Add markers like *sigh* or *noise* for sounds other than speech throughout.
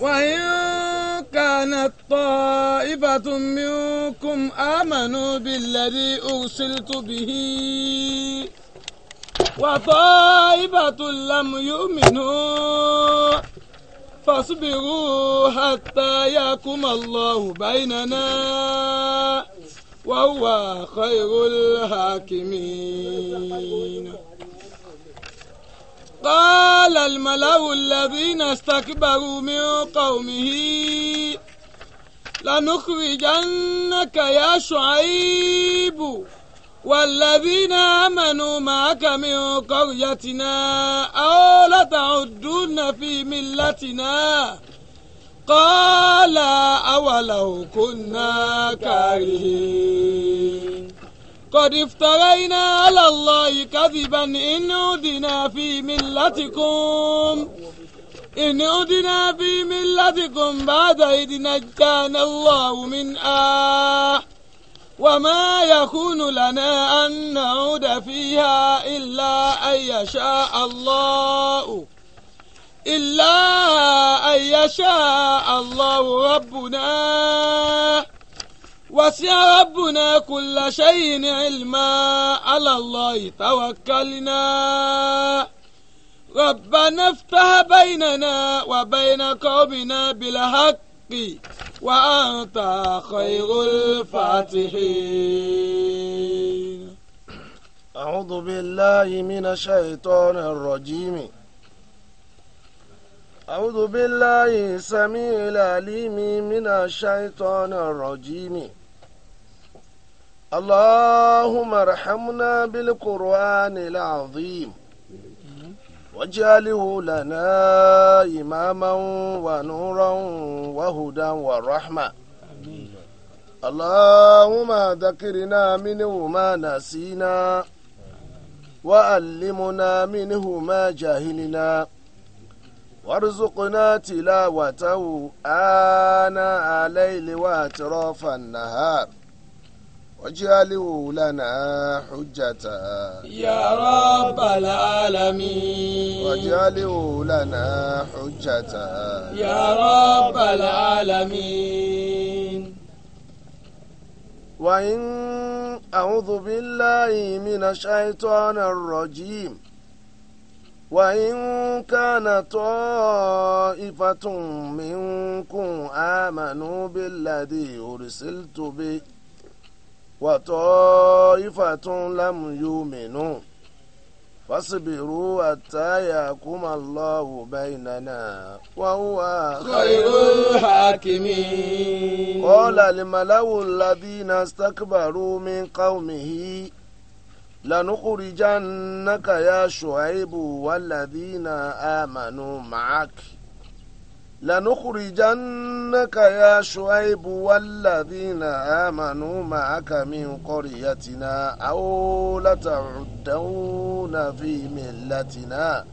وإن كانت طائفة منكم آمنوا بالذي أرسلت به وطائفة لم يؤمنوا فاصبروا حتى يحكم الله بيننا وهو خير الحاكمين قال الملأ الذين استكبروا من قومه لنخرجنك يا شعيب والذين آمنوا معك من قريتنا أو لتعدون في ملتنا قال أولو كنا كارهين قد افترينا على الله كذبا إن عدنا في ملتكم إن عدنا في ملتكم بعد إذ نجانا الله منها وما يكون لنا أن نعود فيها إلا أن يشاء الله إلا أن يشاء الله ربنا وسع ربنا كل شيء علما على الله توكلنا ربنا افتح بيننا وبين قومنا بالحق وأنت خير الفاتحين أعوذ بالله من الشيطان الرجيم أعوذ بالله السميع العليم من الشيطان الرجيم اللهم ارحمنا بالقرآن العظيم واجعله لنا إماما ونورا وهدى ورحمة اللهم ذكرنا منه ما نسينا وعلمنا منه ما جهلنا وارزقنا تلاوته آناء الليل وأطراف النهار واجعله لنا حجة يا رب العالمين واجعله لنا حجة يا رب العالمين وإن أعوذ بالله من الشيطان الرجيم وإن كان طائفة منكم آمنوا بالذي أرسلت به وطائفة لم يؤمنوا فاصبروا حتى يحكم الله بيننا وهو خير الحاكمين قال الملأ الذين استكبروا من قومه لنخرجنك يا شعيب والذين آمنوا معك لنخرجنك يا شعيب والذين آمنوا معك من قريتنا أو لتعدون في ملتنا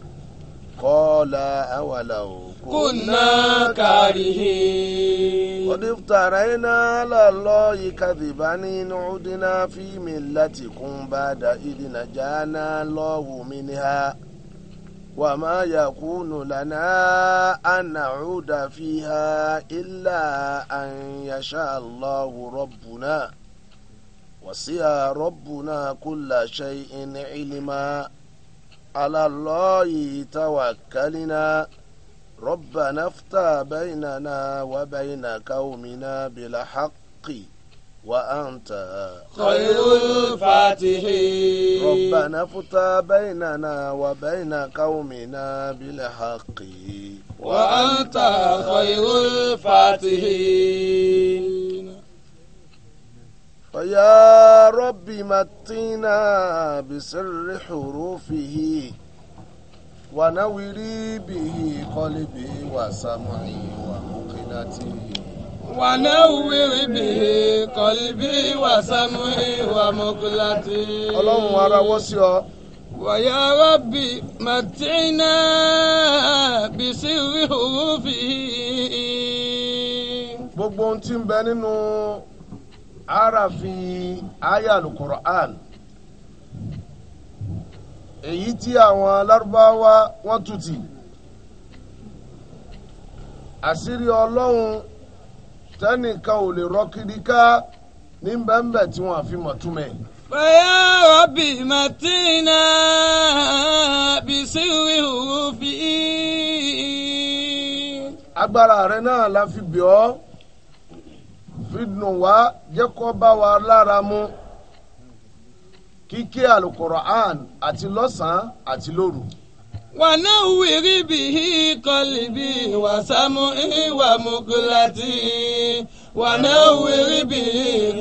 قال أولو كنا كارهين قد افترينا على الله كذبا إن عدنا في ملتكم بعد إذ نجانا الله منها وما يكون لنا أن نعود فيها إلا أن يشاء الله ربنا وسع ربنا كل شيء علما على الله توكلنا ربنا افتح بيننا وبين قومنا بالحق وأنت خير الفاتحين ربنا فتح بيننا وبين قومنا بالحق وأنت خير الفاتحين فيا رب متينا بسر حروفه ونوري به قلبي وسمعي ومقنتي wànáwìrì bí kọ̀lìbí wàsánúì wàmọ́kúlátì. ọlọ́run ara wọ́ sí ọ. wàyà rábì màtínà bìsírí òrùfì. gbogbo ohun tí ń bẹ nínú àràfin àyà alukur'an èyí tí àwọn alárúbáwá wọ́n tutì àṣírí ọlọ́run tẹ́nìkan ò lè rọ́kiri ká ní bẹ́ńbẹ́ tí wọ́n àfi mọ̀ túmẹ̀. Fẹ́yà rọ́bì Màtínà bìsíwì òfi. Agbára rẹ náà la fi bì ọ́. Fídùn wá jẹ́ kó bá wa lára mu. Kíké Al-Qur'an àti lọ́sàn-án àti lóru. ونور به قلبي وسمعي ومقلتي ونور به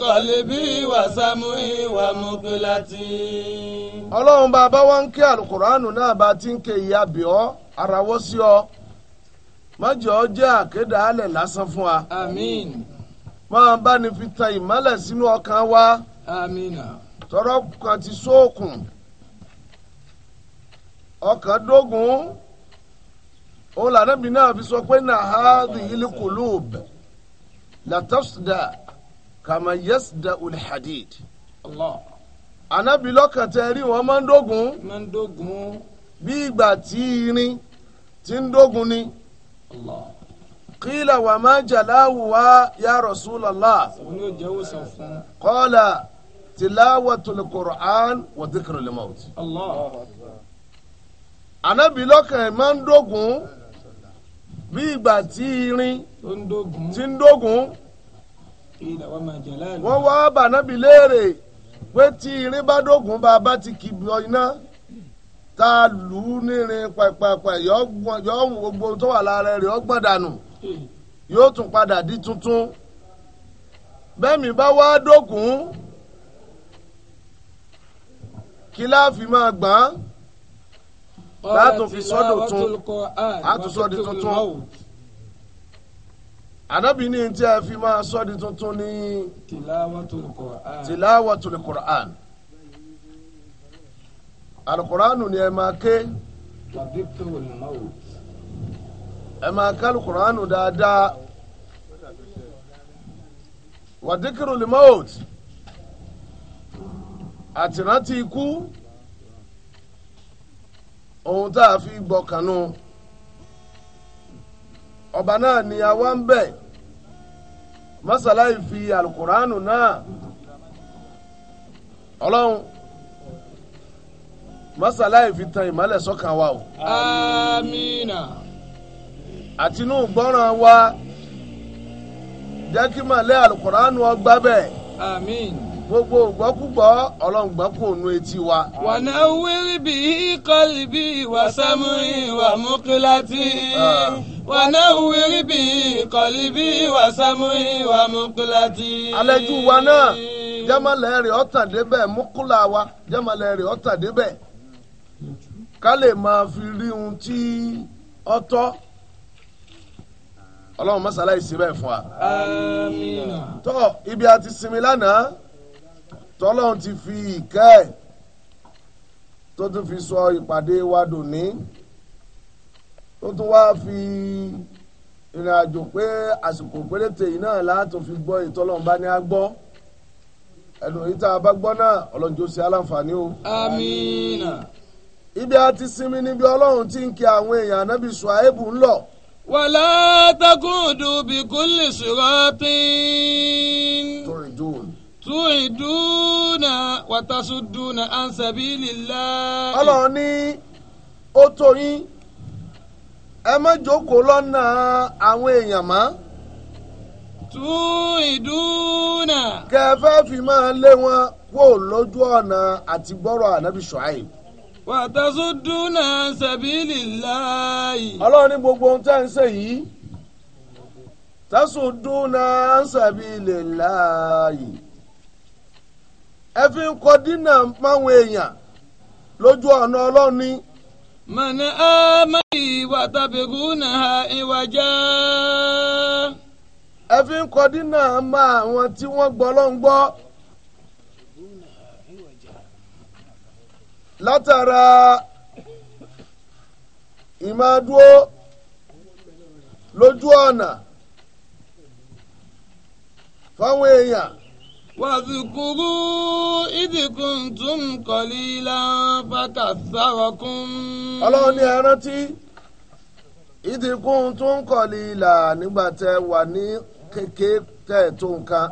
قلبي وسمعي ومقلتي. ọlọ́run bàbá wa ń kí alukuraanu náà bá ti ń ké ìyá bíọ́ arawọ́ sí ọ mọ́jọ́ jẹ́ àkédà alẹ̀ lásán fún wa. àmín. máa bá ní fi tan ìmọ́lẹ̀ sínú ọkàn wa. Amina. tọrọ kan ti sóòkùn. So ọkàn dógùn òun lànàbí náà fi sọ pé nahadu ilikulub latasda kama yasda ulhadid. ànábì lọ́kàn tẹ rí wọn máa ń dógùn. máa ń dógùn. bí ìgbà tí irin ti ń dógùn ni. kílà wà má ya Rasulullah. kọ́lá tìláwàtul Qur'an wa dhikrul maut ànábì lọ́kàn ẹ̀ máa ń dógùn bí ìgbà tí irin ti ń dógùn wọ́n wá bànábì léèrè pé tí irin bá dógùn bá a bá ti kìbi iná tá a lù ú nírin pẹ̀pẹ̀pẹ̀ yọ ohun gbogbo tó wà lára rẹ̀ yọ gbọ́n dànù yóò tún padà di tuntun bẹ́ẹ̀ bá wá dógùn kí láàfin máa gbọ́n láàtún fi sọ́dọ̀ tún àtún sọ́dọ̀ tuntun ànábì ní tí a fi máa sọ́dọ̀ tuntun ní tìláwàtul Qur'an alukuraanu ni ẹ máa ké ẹ máa ká alukuraanu dáadáa wàdíkìrù lè mọ́ọ̀tì àtìrántí ikú. ohun tá a fi kanu ọba náà ni àwa ń bẹ̀ mọ́sálàyé fi alukuraanu náà ọlọ́run mọ́sálàyé fi tan ìmọ́lẹ̀ sọ́kàn wa o. amiina. àtinú gbọ́ràn wa jẹ́ kí màlẹ́ alukuraanu ọgbà bẹ́ẹ̀. amiina. gbogbo ògbọ́kúgbọ́ ọlọ́run gbọ́kú òun etí wa. wọ̀nà wírí bí kọ́lì bí ìwà sámúrì ìwà múkúlátì. wọ̀nà wírí bí kọ́lì bí ìwà sámúrì ìwà múkúlátì. àlejò wa náà jẹ́mọ̀lẹ́ rẹ̀ ọ̀tàn débẹ̀ múkúlà wa jẹ́mọ̀lẹ́ rẹ̀ ọ̀tàn débẹ̀ ká lè máa fi rí ohun tí ọtọ́ ọlọ́run mọ́sálá ìsìn bẹ́ẹ̀ fún wa. tọ́ ibi àti sinmi lánàá tọ́lọ́run ti fi ìkẹ́ ẹ̀ tó tún fi sọ ìpàdé wa dòní tó tún wá fi ìrìn àjò pé àsìkò péréte yìí náà láti fi gbọ́ ìtọ́lọ́run bá ní á ẹnu èyí tá a bá gbọ́ náà ọlọ́njọ́ sí aláǹfààní o. amiina. ibi a ti sinmi níbi ọlọ́run tí ń kí àwọn èèyàn anábì Ṣuaibu ń lọ. wàlá takùn dùbí kúlì sùrọ́tì tuiduna watasuduna an sabilillah. ọlọ́run ní ó tó yín ẹ má jókòó lọ́nà àwọn èèyàn mọ́. tuiduna. kẹfẹ́ fi máa lé wọn kó lójú ọ̀nà àti gbọ́rọ̀ ànábì Ṣuaib. watasuduna an sabilillah. ọlọ́run ní gbogbo ohun tẹ́ ń ṣe yìí tasuduna an sabilillah. ẹ fi ń na dínà máwọn èèyàn lójú ọ̀nà ọlọ́ni ni. mọ̀nà ámáyì ìwà tàbíkú náà ìwà jẹ́. ẹ fi ń kọ dínà àwọn tí wọ́n gbọ́ lọ́n gbọ́. látara ìmàdúró lójú ọ̀nà fáwọn èèyàn. واذكروا إذ كنتم قليلا فكثركم ọlọ́run ní ẹ rántí ìdí kuntum qalila nígbà tẹ wà ní kékeré tẹ tó nǹkan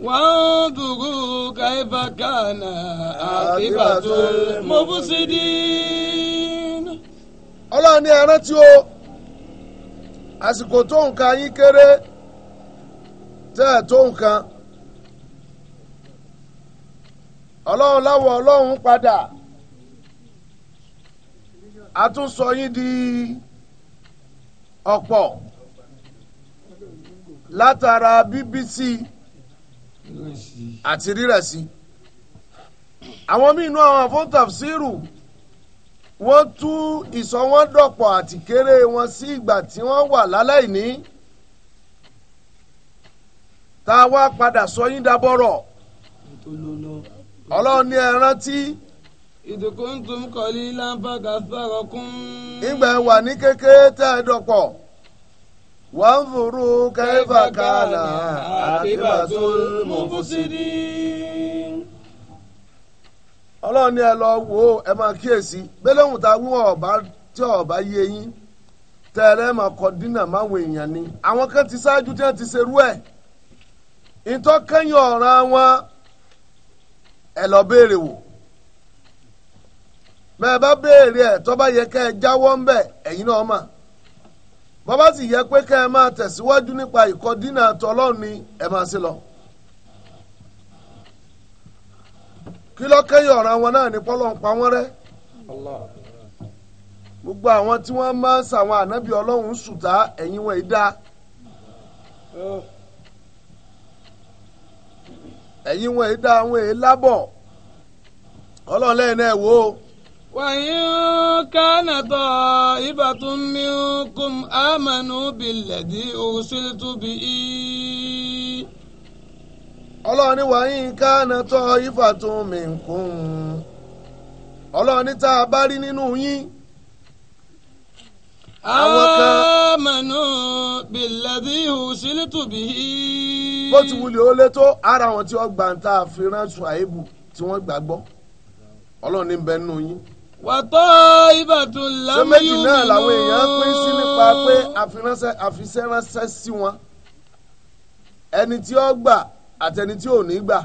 وانظروا كيف كان عاقبة المفسدين ọlọ́run ní o. àsìkò tó nǹkan yín kéré tẹ́ ẹ̀ tó nǹkan ọlọ́run láwọ̀ ọlọ́run padà a tún sọ yín di ọ̀pọ̀ látara bíbísí àti rírẹ̀ sí àwọn míì nú àwọn fún tafsiru wọ́n tú ìsọwọ́dọ̀pọ̀ àti kéré wọn sí ìgbà tí wọ́n wà láláìní tá a wá padà sọ yín dabọ̀rọ̀ ọlọ́run ní ẹ rántí. ìdìkúntùm kọ́lí lámpága sọ̀rọ̀ kún. ìgbà wà ní kékeré tẹ́ ẹ dọ̀pọ̀ wọ́n ń fòrò kẹ́fà kààlà àkíbàtò mọ̀fúsídìí ọlọ́run ní ẹ lọ wò ó ẹ máa kíyèsí gbẹlẹ́hùn tá a wọ́n ọ̀bá tí ọ̀bá yé yín tẹ̀lẹ́ máa kọ dínà máwọn èèyàn ni. àwọn kan ti ṣáájú tí wọ́n ti ṣerú ẹ̀ ìtọ́kẹ́yìn ọ̀ràn wọn ẹ lọ béèrè wò mẹ́ẹ̀ bá béèrè ẹ̀ tọ́ bá yẹ kẹ́ ẹ jáwọ́ ń bẹ̀ ẹ̀yin náà mà bọ́ bá sì yẹ pé kẹ́ ẹ máa tẹ̀síwájú nípa ìkọ́dínà tọ́lọ́ọ̀ ni ẹ máa ṣe lọ. kí lọ́kẹ́yìn ọ̀ràn wọn náà ní pọ́lọ́ pa wọ́n rẹ́ gbogbo àwọn tí wọ́n máa ń sàwọn ànábì ọlọ́run sùtá ẹ̀yìn wọn ìdá ẹ̀yìn wọn ìdá àwọn lábọ̀ ọlọ́run lẹ́yìn wò ó. وإن كان طائفة منكم آمنوا بالذي ọlọ́run ní wàá yín káànà tọ́ ifá tún mí kún ọlọ́run ní tá a bá rí nínú yín. àwọn kan. amanu billadhi usilitu bihi. bó ti wulẹ̀ ó lé tó ara wọn tí wọ́n gbà ń ta àfihàn ṣùáìbù tí wọ́n gbàgbọ́ ọlọ́run ní bẹ́ẹ̀ nínú yín. wàtọ́ ìbàdàn lámúyú nínú. sẹ́mẹ́jì náà làwọn èèyàn pín sí nípa pé àfisẹ́ránṣẹ́ sí wọn ẹni tí ó gbà àtẹni tí ò ní gbà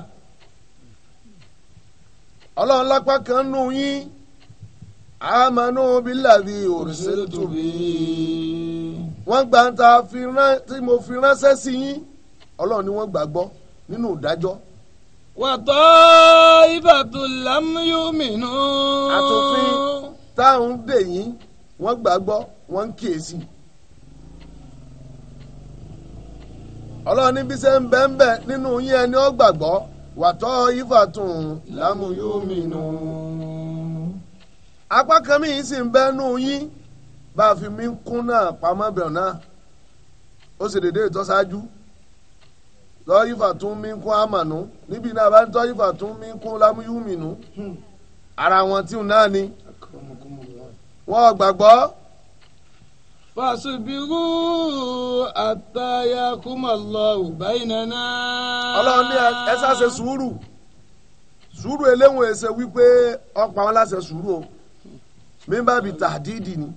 ọlọ́run lápá kan nù yín àmánú bílàdì òrìṣẹ́lẹ̀tò bí wọ́n gbà ń ta tí mo fi ránṣẹ́ sí yín ọlọ́run ni wọ́n gbàgbọ́ nínú ìdájọ́. wàtọ́ ibàtú lámúyúmínú. àtòfin táwọn dè yín wọ́n gbàgbọ́ wọ́n ń kíyèsí. ọlọ́run níbi ṣe ń bẹ́ ń bẹ́ nínú yín ẹni ó gbàgbọ́ wàtọ́ ìfàtún lámúyómìnú. apá kan mi sì ń bẹ́ nínú yín bá a fi mí kún náà pamọ́ bẹ̀rù náà ó sì dédé ìtọ́sájú tọ́ ìfàtún mi kún àmànú níbi náà bá ń tọ́ ìfàtún mi kún lámúyómìnú ara wọn tí ò náà ni wọ́n gbàgbọ́. fàṣubìrú àtàyà kùmọ̀lọ́ bainana. ọlọ́run ní ẹ ṣàṣe sùúrù sùúrù eléwọ̀n ẹsẹ̀ wípé ọ̀pọ̀ àwọn láṣẹ sùúrù o mímbà bíi tàdídì ni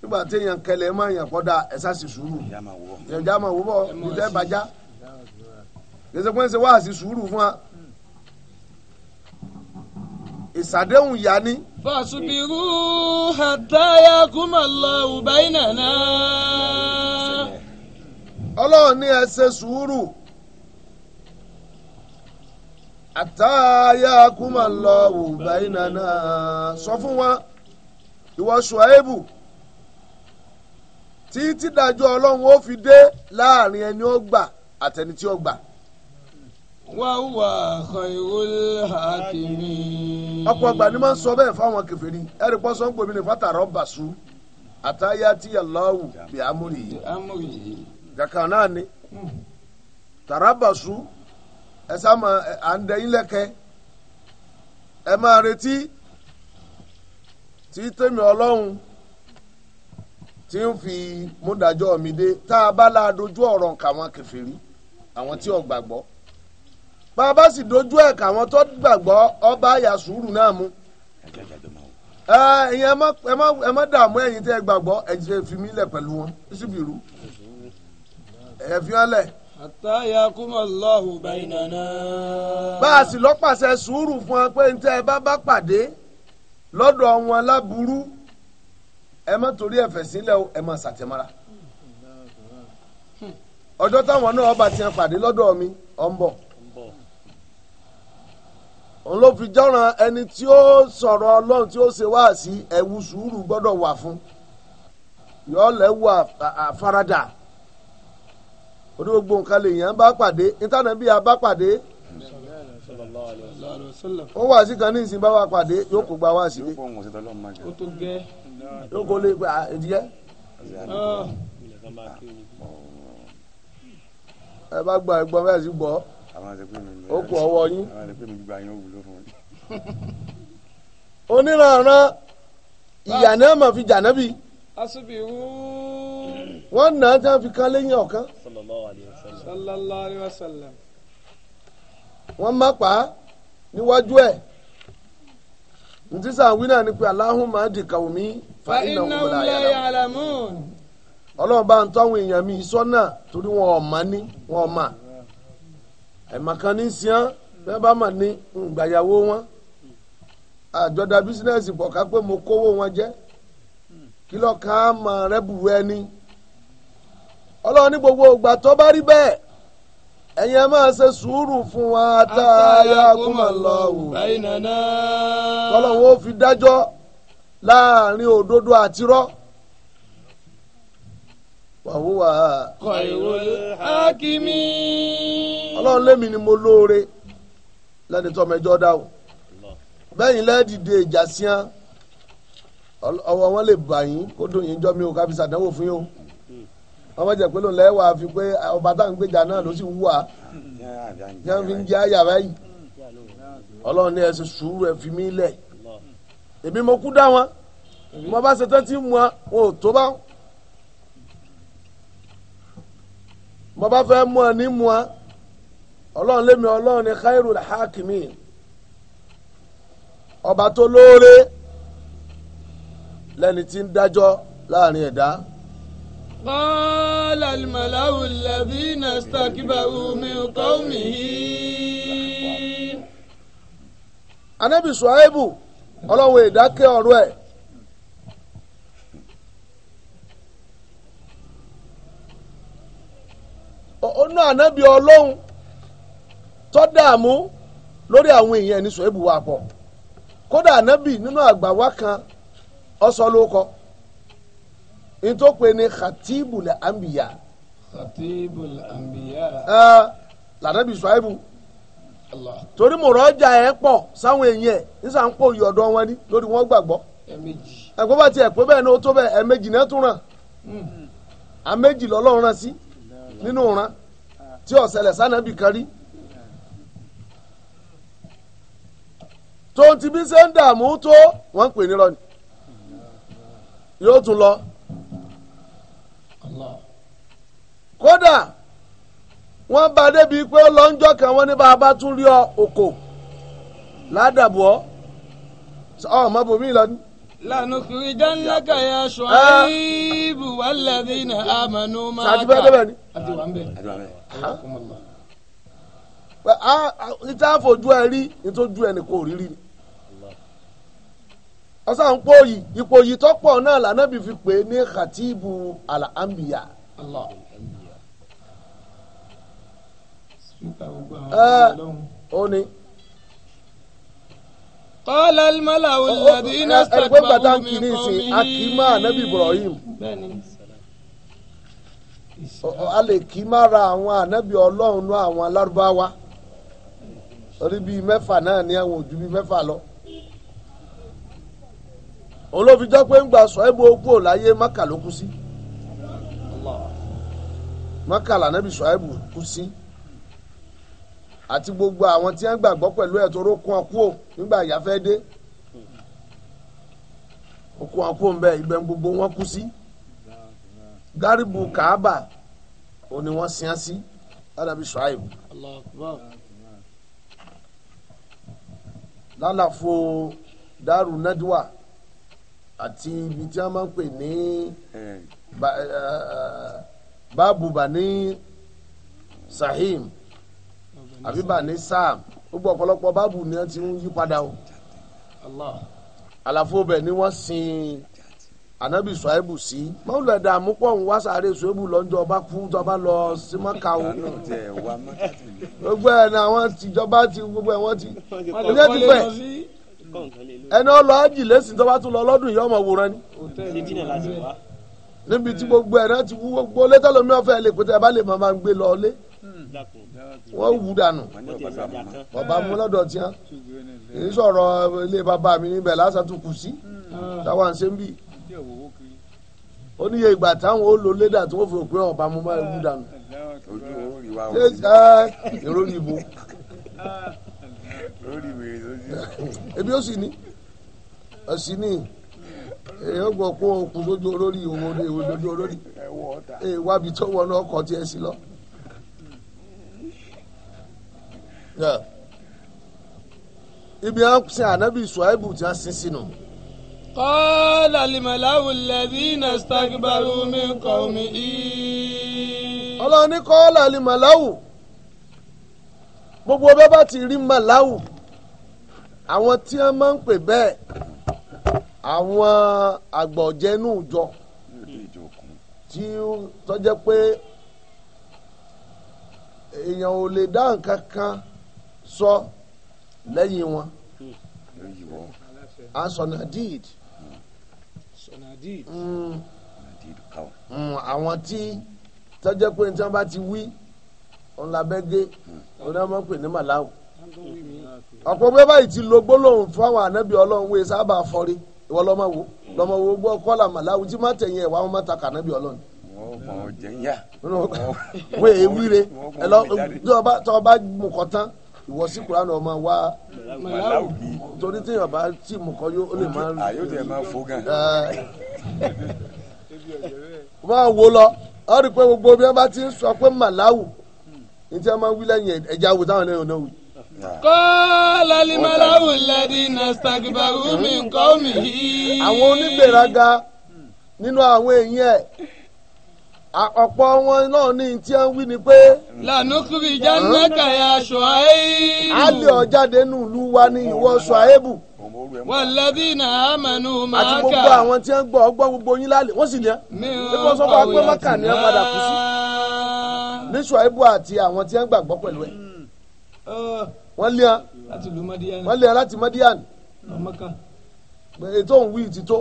nígbà téèyàn kẹlẹ̀ ẹ̀ máa yàn kọ́dà ẹ ṣàṣe sùúrù ìyànjá máa wọ́ bọ̀ bàjá kẹsẹ̀ pé ń ṣe wáàsí sùúrù fún wa. ìsàdéhùn ìyá ni. fàṣùbìrú àtàyà kùmọ̀lá ọ̀báyìnàná. ọlọ́run ní ẹ ṣe sùúrù àtàyà kùmọ̀lá ọ̀báyìnàná sọ fún wọn ìwọ ṣùáìbù tí tídájọ́ ọlọ́run ó fi dé láàrin ẹni ó gbà àtẹni tí ó gbà wàhùwà khairul hakimin. ọ̀pọ̀ ọgbà ni máa ń sọ bẹ́ẹ̀ fáwọn kèfèrí ẹ̀rí pọ́ sọ ń pè mí ní fatara basu àtàyà tí Allahu bí amúrì yìí kàkà náà ni tarabasu ẹ sá ma à ń dẹyìn lẹ́kẹ́ ẹ máa retí tí tèmi ọlọ́run tí ń fi múdàjọ́ mi dé tá a bá la dojú ọ̀rọ̀ nǹkan àwọn kèfèrí àwọn tí ò gbàgbọ́ bàbá sì dojú ẹ̀ káwọn tó gbàgbọ́ ọba àyà sùúrù náà mú ẹ̀yin ẹ má dààmú ẹ̀yin tẹ́ ẹ gbàgbọ́ ẹ ti fi mí lẹ̀ pẹ̀lú wọn síbi ìrú ẹ fi wọn lẹ̀. àtàyà kúmọ̀ lọ́hùn bẹ́ẹ̀nánà. bá a sì lọ́pàṣẹ sùúrù fún ọ pé ntẹ́ ẹ bá bá pàdé lọ́dọ̀ wọn láburú ẹ má torí ẹ̀fẹ̀ sílẹ̀ o ẹ má ṣàtẹ̀mọ́ra. ọjọ́ táwọn náà ọba ti hàn pàdé lọ́dọ̀ mi ọ̀ ń bọ̀ òun ló fi jọ́ràn ẹni tí ó sọ̀rọ̀ ọlọ́run tí ó ṣe wá sí ẹ̀wù sùúrù gbọ́dọ̀ wà fún yọ̀ọ́lẹ̀ wù àfaradà orí gbogbo nǹkan lèèyàn bá pàdé ìtànà bíi abá pàdé ó wà sí kan ní ìsìn bá wà pàdé yóò kó gba wá sí i yóò kó lè gba ìdíyẹ. ẹ bá gbọ́ ẹ gbọ́ bẹ́ẹ̀ sì gbọ́. ó kù ọwọ́ yín *laughs* oníranran ìyà náà mà fi jànábì wọ́n nà á fi kan lẹ́yìn ọ̀kan má pa níwájú ntisa awi náà ni pé Allahumma di fa iná àwọn èèyàn mi sọ́nà torí wọn ẹ̀mọ̀kan ní sián bẹ́ẹ̀ bá mà ní ngbàyàwó wọn àjọdá bísínẹ́sì pọ̀ ká pé mo kówó wọn jẹ́ kí lọ́ọ̀ká mọ̀ rẹ́bùrú ẹni ọlọ́run gbogbo ìgbà tó bá rí bẹ́ẹ̀ ẹ̀yin ẹ máa ṣe sùúrù fún wa tá a yá kúmọ̀ lọ wò tọ́lọ́wọ́ fi dájọ́ láàrin òdodo àtirọ́ wàhùwà. kọ̀ ìròyìn ọlọ́run lémi ni mo lóore lẹ́ni tó ọmọ ẹjọ́ dá o bẹ́yìn lẹ́ẹ̀dìde ìjà sí án ọwọ́ wọn lè bà yín kó dùn yín jọ́ mi ò káfíńsà dánwò fún yín o ọmọ jẹ pé lóun lẹ́wà fi pé ọba táwọn gbèjà náà ló sì wù wá yẹn fi ń jẹ́ àyàrá yìí ọlọ́run ní ẹ ṣe sùúrù ẹ fi mí lẹ̀ èmi mo kú dá wọn mo bá ṣe tán tí mu wọn ò tó bá mo bá fẹ́ mu ọ ní mu wọn ọlọ́run lémi ọlọ́run ní khairul hakimin ọba tó lóore lẹ́ni tí ń dájọ́ láàrin ẹ̀dá. قال الملأ الذين استكبروا من قومه anabi suhaibu ọlọ́run ìdákẹ́ ọ̀rọ̀ ẹ̀ ọ̀nà anabi ọlọ́run dààmú lórí àwọn èèyàn ẹni sọ èbù wà kódà ànábì nínú àgbàwá kan ọsọ ló kọ ntọ́pẹ́ ni khatibul anbiya. khatibul anbiya. ẹ lànàbì sọ èbù torí mọ̀rọ́jà ẹ̀ pọ̀ sáwọn èèyàn ẹ̀ nísà ń wọn ni lórí wọn gbàgbọ́ pé bẹ́ẹ̀ ni ó tó bẹ́ẹ̀ tó ń ti bí ṣe ń dààmú tó wọ́n ń pè ní rọ́ọ̀nì yóò tún lọ. kódà wọ́n bá débi pé ó lọ ń jọ́ kan wọ́n ní bá a bá tún rí ọ òkò ládàbọ̀ ọ́ ọmọ bòmí ìlọrin. لنخرجنك يا شعيب والذين آمنوا معك ìtàn àfojú ẹ rí ní ju ẹnì kan rí rí ni ọsà ń pòyì ìpòyì tọ́pọ̀ náà lànàbì fi pè é ní khatibu alhambiya. ó ní. kọ́lá mọ́lá olùdarí iná sọ̀rọ̀ mi kọ́ mi. akima anabi ibrahim a lè kí mára àwọn anabi ọlọ́run náà àwọn alárúbáwá orí bíi mẹ́fà náà ní àwọn òjú bíi mẹ́fà lọ òun ló fi jọ́ pé ń gba sọ́ẹ́bù ogún òláyé mọ́kà ló kú sí mọ́kà lànàbì sọ́ẹ́bù kú sí àti gbogbo àwọn tí wọ́n gbàgbọ́ pẹ̀lú ẹ̀ tó rókun ọkú ò nígbà ìyá fẹ́ dé okun ọkú ò ń bẹ ibẹ̀ gbogbo wọn kú sí garibu kaaba òun ni wọ́n sin á sí lànàbì sọ́ẹ́bù lálàfo dàrú nàdúwà àti ibi tí a máa ń pè ní eh. Eh, eh, báàbù bani sahim àbí bani sam gbogbo ọ̀pọ̀lọpọ̀ báàbù ni wọ́n ti ń yí padà o àlàfo bẹ̀ ni wọ́n sin anabi suwaibu sí mọ́wùlẹ̀ dààmú pọ̀ ń wá sáré suwaibu lọ́njọ́ ọba kú tọ́ba lọ sí mọ́ka o gbogbo ẹ̀ ni àwọn tìjọba ti gbogbo ẹ̀ wọ́n ti ọjọ́ ti pẹ́ ẹni ọlọ ájì lẹ́sìn tó bá tún lọ lọ́dún yìí ọmọ wòran ni níbi tí gbogbo ẹ̀ náà ti wú gbogbo létọ́lómi ọ̀fẹ́ lè pété ẹ bá lè máa máa gbé lọ lé wọ́n wù dànù bàbá mu lọ́dọ̀ tiẹ́ èyí sọ̀rọ̀ ilé bàbá mi níbẹ̀ lásán tún kù sí hmm. táwọn à ń ṣe ń bì ó níye ìgbà táwọn ó lo lédà tí wọ́n fi òpin ọ̀bá mu máa wù dànù. ojú orí wa ò sí. ẹ ẹ ìròyìn ìbò. Ah lórí ebi ó sì ní ọ̀sìn ní èèyàn gbọ́ kó okùn lójú olórí òwò èèwò lójú olórí èèwà bíi tó wọnú ọkọ̀ tí ẹ sí lọ. ibi à ń sin ànábì a sin sínú. qala al-mala'u alladhina istakbaru min qawmihi. ọlọ́run ní qala al-mala'u gbogbo bẹ́ẹ̀ bá ti rí màláwù àwọn tí wọ́n máa ń pè bẹ́ẹ̀ àwọn àgbọ̀jẹ́nú ìjọ tí tó jẹ́ pé èèyàn ò lè dá nǹkan kan sọ lẹ́yìn wọn asọ̀nàdìd mm. mm, àwọn tí tó pé tí bá ti wí ọ̀nlàbẹ́gẹ́ ọ̀nà máa ń pè ní màláwù ọ̀pọ̀ bí wọ́n báyìí ti lo gbólóhùn fún àwọn ànábì ọlọ́run wọ́n sábà fọ́rí ìwọ lọ́mọ wo lọ́mọ wo gbọ́ kọ́là màláwù tí má tẹ̀yìn ẹ̀wà wọn má ta kànábì ọlọ́run. wọ́n èé wíre ẹ lọ tí wọ́n bá mú kọ́ tán ìwọ sí kuranu ọmọ wa màláwù torí tí yọ̀bá tí mú kọ́ yó ó lè má. àyò tẹ máa fo gan. máa wo lọ ọ rí i pé gbogbo bí wọ́n bá ti ń sọ pé màláwù ní tí wọ́n máa ń wí lẹ́yìn ẹ̀já wo táwọn ẹ̀yàn náà wí kọ́lá limaláwù lẹ́dí nastagibaru mi nkọ́ mi yìí. àwọn onígbèraga nínú àwọn èèyàn ẹ̀ ọ̀pọ̀ wọn náà ní tí wọ́n wí ni pé. lànàkùnrin jẹ́nẹ́kà ya ṣùáìbù. a lè ọ jáde nù lú wa ní ìwọ ṣùáìbù. wọ́n lẹ́bí náà á mẹ́nu máa kà. àti gbogbo àwọn tí wọ́n gbọ́ ọgbọ́n gbogbo yín lálẹ́ wọ́n sì ní. mi ò kọ̀wé àti náà. ní ṣùáìbù àti àwọn tí wọ́n gbàgbọ́ pẹ̀lú ẹ̀ wọ́n lé a wọ́n lé a láti madian ètò òun wí ti tó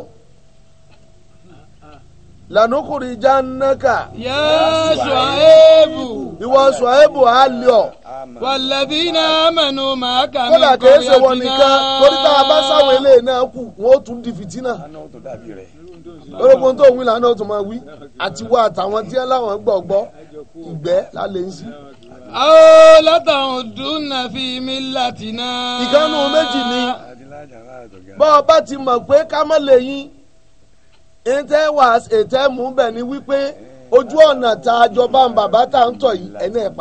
lanukuri jannaka. ya suwaebu. iwọ suwaebu a lè ọ. wàlẹ́bí náà mẹ́nu màá kà mí kọ́yọ̀ náà. kódà kìí ṣe wọn nìkan torí tá a bá sáwọn eléyìí náà kù wọn ó tún di fìtínà. ológun tó wí lànà ó tún máa wí àti wá àtàwọn tí ẹ láwọn gbọ̀gbọ́ ìgbẹ́ lálẹ́ ń sí. awo fi mí látinà. ìkànnù méjì ni bọ́ ọ bá ti mọ̀ pé ká má lè yín ètè wà ni wípé ojú ọ̀nà tá a jọ bá ń bàbá tá a ń tọ̀ yìí ẹ̀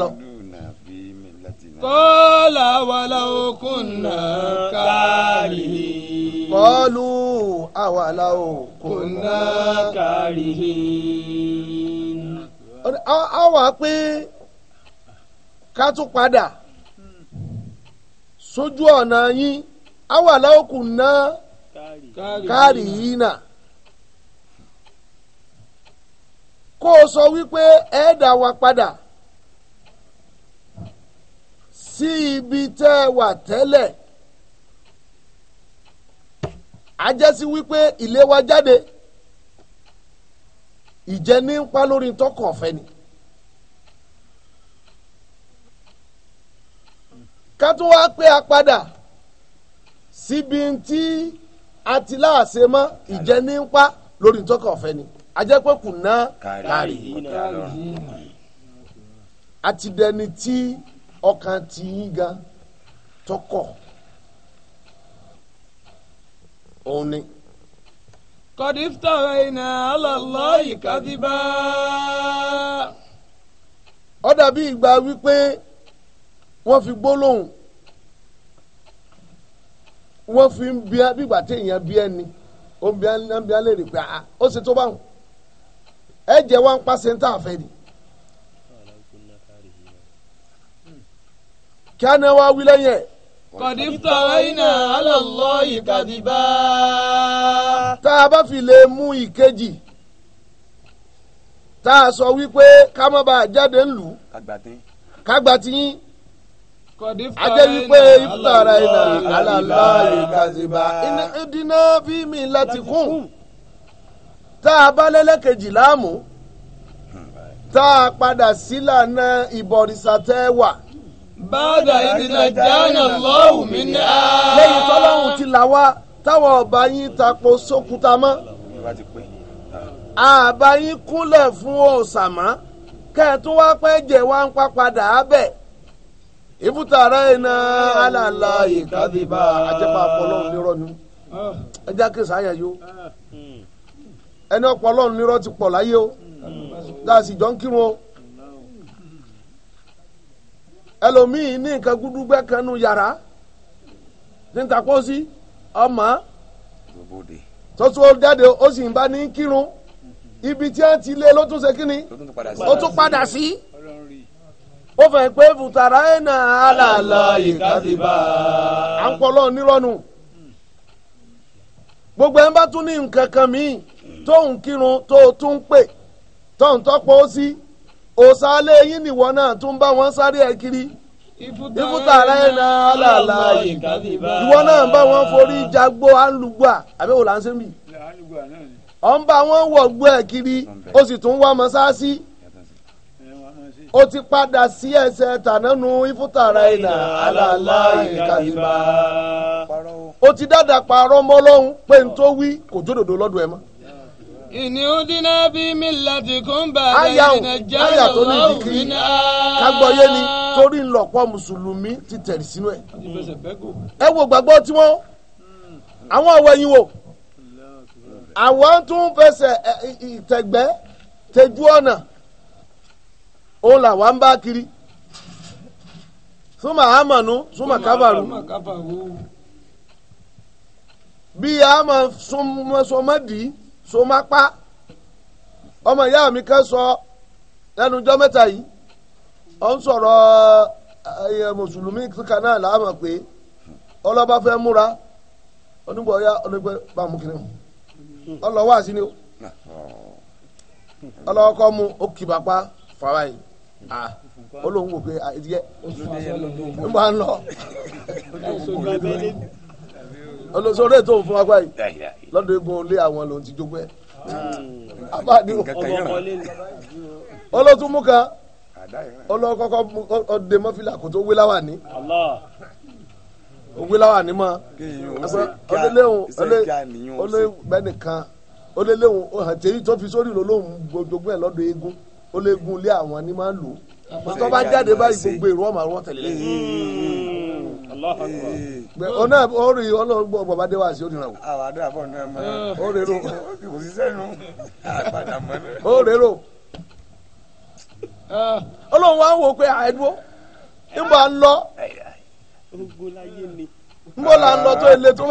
lọ. kọlu awala okunna كارهين قالوا a wà pé ká tún padà sójú ọ̀nà yín awala láòkùn náà káàrí na kó o sọ wa padà. sí ibi tẹ́ ẹ wà tẹ́lẹ̀ a jẹ́ sí wípé ilé wa jáde ìjẹ ní ń pa lórí tọkàn ọ̀fẹ́ ni. ká tún wá pé a padà síbi tí a ti láàṣẹ mọ́ ìjẹ ní ń pa lórí tọkàn ọ̀fẹ́ ni a pé kùnà kárí a tí ọkàn tí yín gan tọkọ òun ni. kọ́dífítà iná alọ́lọ́ ìkàdíbá. ó dàbí ìgbà wípé wọ́n fi gbólóhùn wọ́n fi ń bíá bígbà tí èèyàn bí ẹni ó ń bíá lè pé ah, ó ṣe tó báwọn ẹ jẹ́ wá ń pa ń tà fẹ́ ni. kí á náà wá wí lẹ́yìn ẹ̀. kọ̀dífítà àìnà àlọ́lọ́ ìkàdìbá. tá a bá fi lè mú ìkejì tá a sọ wípé ká má bàa jáde ńlù kágbà tí ajẹ́ wípé ìfúnara iná alàlá ìkàdìbá ìdínà bí mi láti kún tá a bá lẹ́lẹ́kejì láàmú hmm, tá a padà sílànà ìbọ̀rìṣà tẹ́ wà. báàdà ìdìnnàjáàna lọ́hùn mi ní a. lẹ́yìn tọ́lọ́hùn ti là wá ọba yín tapo sókúta mọ́ àbá yín kúnlẹ̀ fún òòsàmá kẹ́ẹ̀tún wá pẹ́ jẹ́ wá ń pa padà á bẹ̀ ìfútàrà iná alàlà ìkàdìbà àjẹpà yẹn yó ẹni o dáa sì jọ ń ẹlòmíì ní nǹkan gúdúgbẹ́ yàrá tí ń ọmọ jáde ó sì ń bá ní kírun ibi tí a ti lé ló tún ṣe ó tún padà sí ó fẹ́ pé ẹ̀ náà ìkàdìbà à ń pọ̀lọ́ gbogbo ẹ̀ ń bá tún ní nǹkan òsàlẹ̀ yín nìwọ náà tún bá wọn sáré ẹ kiri ìfúta rẹ náà làlàyé ìwọ náà bá wọn forí jagbó alùgbà àbẹ̀wò là ń sẹ́mi ọ̀ ń bá wọn wọ̀gbọ́ ẹ kiri ó sì tún wá mọ́sáàsì ó ti padà sí ẹsẹ̀ tànánu ìfútàrà ìlà àlàlà ìkàlíbà ó ti dáadáa parọ́ mọ́ lọ́hún pé n tó wí kò jódòdó lọ́dọ̀ ẹ mọ́ ìníúdínà bí millatikum bàdà ìnàjà lọ́wọ́ ìnà. kágbọ́yé ni torí ńlọ́pọ̀ mùsùlùmí ti tẹ̀rí sínú ẹ̀. ẹ wo gbàgbọ́ tí wọ́n àwọn ọ̀wọ́ ẹ̀yìn wò àwọn tún fẹsẹ̀ ìtẹ̀gbẹ́ tẹjú ọ̀nà òun làwọn ń bá kiri súnmọ́ àmọ̀nù súnmọ́ kábàrù bí àmọ̀ sọmọdì. So so ọmọ ìyá mi ka sọ lẹ́nu ọjọ́ mẹ́ta yìí ọ ń sọ̀rọ̀ eh, eh, mùsùlùmí kan náà láàmú pé ọlọ́ba fẹ́ múra onígbọ̀ ya onígbẹ́ bá mú kiri mu ọlọ́wọ́ àti ni o ọlọ́wọ́ kọ́ mu ó kì bàpá fara yìí olóhùn wò pé àìdíyẹ ń bá ń lọ. olóṣòro ètò òfin wa báyìí lọ́dọ̀ egun olé àwọn lòun ti jogún ẹ̀ abáàdì olótùmú kan olókọ́kọ́ ọdẹ mọ́fìlà kò tó wé láwà ní òwe láwà ní mọ́ ọlẹ́lẹ́hùn ọlẹ́bẹ́nìkan ọlẹ́lẹ́hùn ọ̀hàntẹ́yì tó fi sórí lòun gbogbo ẹ̀ lọ́dọ̀ egun ológun ilé àwọn ni máa lò tó jáde báyìí gbogbo èrò ọmọ àwọn tẹ̀lé lẹ́yìn. ọ̀nà orí ọlọ́gbọ́ bàbá dé wá sí orí ìrànwọ́. àwọn àdúrà bọ̀ ní ọmọ ó rérò kò sí sẹ́nu àpàdà ọlọ́run ń pé lọ lọ tó ilé tó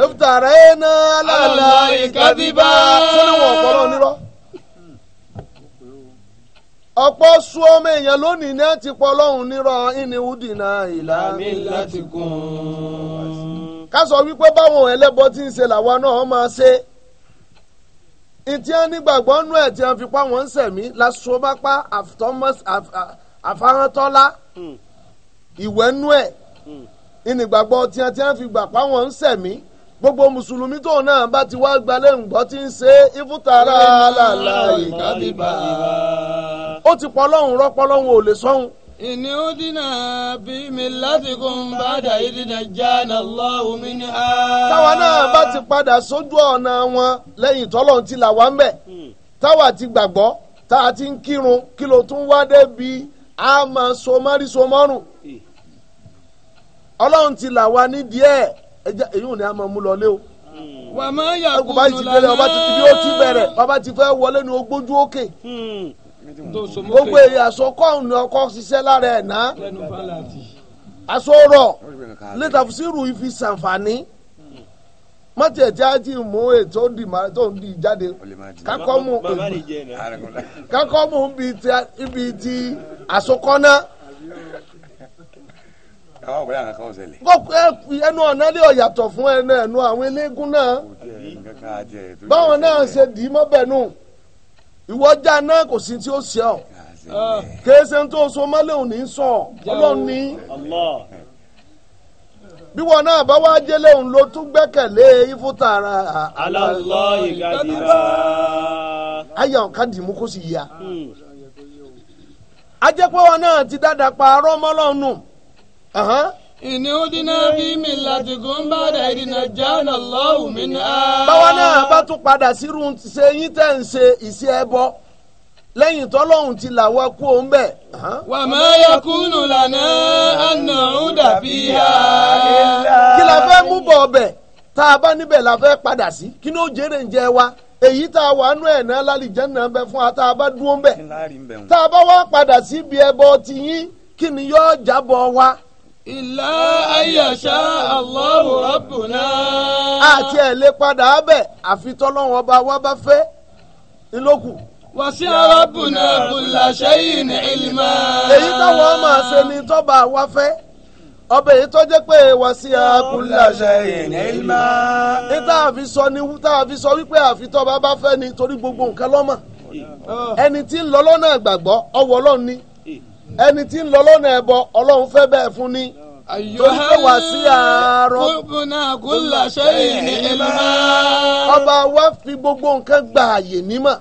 efuta ah. náà wọ̀ ọ̀pọ̀lọ́ ọ̀pọ̀ sún ọmọ èèyàn lónìí náà ti pọ̀ lọ́hùn nírọ̀ ìníwúdìnà ìlànà láti kún. ká sọ wípé báwọn ẹlẹ́bọ tí ń ṣe làwa náà máa ṣe ìtí wọn nígbàgbọ́ nú ẹ̀ tí wọn fi pa wọn ń sẹ̀mí lásùmápá àfahàntọ́lá hmm. ìwẹ́ nú ẹ̀ hmm. ìnìgbàgbọ́ tí wọn ti fi gbà pa wọn ń sẹ̀mí gbogbo mùsùlùmí tóun náà bá ti wá gbalẹ̀ ńgbọ́ tí ń ṣe ìfútara làlàyé kábíbá ó ti pọ̀ lọ́hùn rọ́pọ̀ lọ́hùn ò lè sọ́hùn. ìní ó dínà bí mi láti kún bàdà ìdínà jáàna lọ́hùn mi ní a. táwa náà bá ti padà sójú ọ̀nà wọn lẹ́yìn tọ́lọ́hún ti là wá ń bẹ̀ hmm. táwa ti gbàgbọ́ tá a ti ń kírun kí ló tún wá débi a máa so mọ́rí so mọ́rùn hmm. ọlọ́run ti là wá ní díẹ̀ èyí ò ní a máa mú lọ lé o. wàmọ́ yàgò lọ́la ọba ti fi ti bẹ̀rẹ̀ ọba ti fẹ́ wọlé ní ogójú òkè. Hmm. gbogbo èyí àsọkọ ní ọkọ ṣiṣẹ́ lára ẹ̀ leta àsọ̀rọ̀ létàfísírù ifi ṣàǹfààní mọ̀tì ẹ̀ tí a ti mú ètò ń di tó ń di jáde kakọ́mù kakọ́mù ibi ti àsọkọ náà káwọn ọ̀gbẹ́rẹ́ àwọn kan ṣẹlẹ̀. gbọ́ ẹnu ọ̀nà lè ọ̀yàtọ̀ fún ẹnu ẹnu àwọn eléégún náà báwọn náà ṣe dì í nù. ìwọ já náà kò sí tí ó ṣe ọ kéésẹ tó so mọlẹ òní sọ Ọlọ́run ní bí wọn náà bá wá jẹlé òun ló tún gbẹ́kẹ̀lé ifutara. alálọ́ ìgbàdìrà. ayà ọ̀ka dìímú kó sì yá. ajẹ́pẹ́ wọn náà ti dáadáa pa arọ́mọ́lọ́nù ìní udina bí mi láti gún bàdà ìdìnnà jáàna lọ́wọ́ mi náà. báwa náà bá tún padà sírú ṣe yín tẹ̀ ń ṣe ìṣe ẹbọ lẹ́yìn tọ́lọ́hún ti là wá kú òun bẹ̀. wà á máa yẹ kúnnù lánàá àná òun dàbí ha. kí la fẹ́ mú bọ̀ ọbẹ̀ tá a bá níbẹ̀ la fẹ́ padà sí kí ni ó jèrè ń jẹ wa èyí tá a wà nú ẹ̀ náà lálìjẹ́ náà bẹ fún wa tá a bá dúró ń bẹ̀ tá a bá wá padà síbi ẹbọ tiyín kí ni yóò jábọ̀ wa ìlà ayàṣà Allahu rabbuna. àti ẹ̀ lè padà bẹ̀ àfi tọ́lọ́wọ́n bá wá bá fẹ́ ńlọ́kù. wàṣíà rabbuna kulla shay'in ilma. èyí táwọn máa ṣe ni tọ́ba wá fẹ́ ọbẹ̀ yìí tó jẹ́ pé wàṣíà kulla shay'in ilma. ní tá a fi sọ ní tá a fi sọ wípé àfi tọ́ba bá fẹ́ ni torí gbogbo nǹkan lọ́mọ ẹni tí ń lọ lọ́nà àgbàgbọ́ ọwọ́ ọlọ́run ni. ẹni tí ń lọ lọ́nà ẹ̀bọ ọlọ́run fẹ́ bẹ́ẹ̀ fún ni torí pé sí àárọ̀. ọba wa fi gbogbo nǹkan gba àyè nímọ̀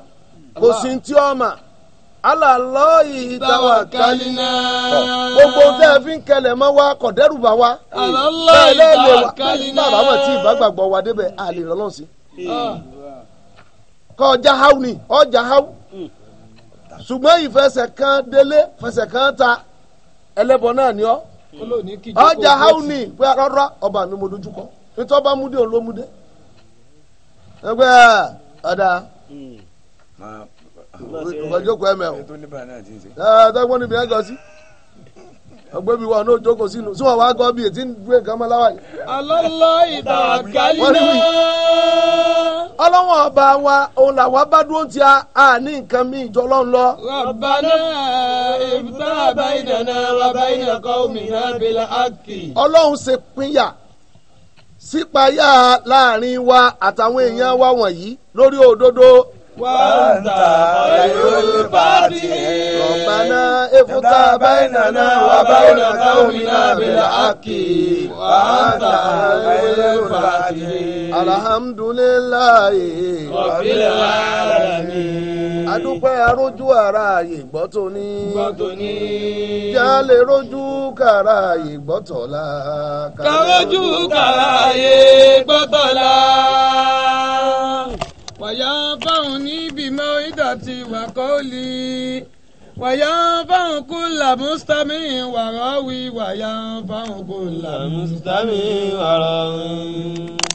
kò sí ti ọmọ gbogbo tẹ́ fi ń kẹlẹ̀ mọ́ wa kò bá wa. ìbágbàgbọ́ wa débẹ̀ àlè ah. kọjá hau ni ọjà hau. ṣùgbọ́n ìfẹsẹ̀ kan délé fẹsẹ̀ kan ta ni ọ́ ọjà haúnì pé rárá ọba ni mo dojú kọ nítorí ọba múdé òun ló múdé ẹgbẹ́ ọ̀dà ọjọ́kọ̀ ẹ̀mẹ̀ o ẹ̀ẹ́dẹ́gbọ́n níbi ẹ̀gọ́ sí ọgbẹ́bí wa náà jókòó sínú sí ọlọ́wọ́n ọba wa òun làwọn bá dúró ti a ní nǹkan mi ìjọ ọlọ́run lọ. rabbana ibtala bainana wa baina qaumina bil haqqi. ọlọ́run ṣe pínyà sípayà láàrin wa àtàwọn èèyàn wa wọ̀nyí lórí òdodo. وأنت خير الفاتحين ربنا افتح wa وبين قومنا بالحق وأنت خير الفاتحين الحمد لله رب العالمين adúpẹ́ arójú ara ààyè gbọ́ tóní. gbọ́ tóní. já lè rójú kàrà ààyè gbọ́ tọ̀la. kàrójú kàrà ààyè gbọ́ tọ̀la. وينفعني بموعدتي وقولي وينفع كل مستمع وراوي وينفع كل مستمع وراوي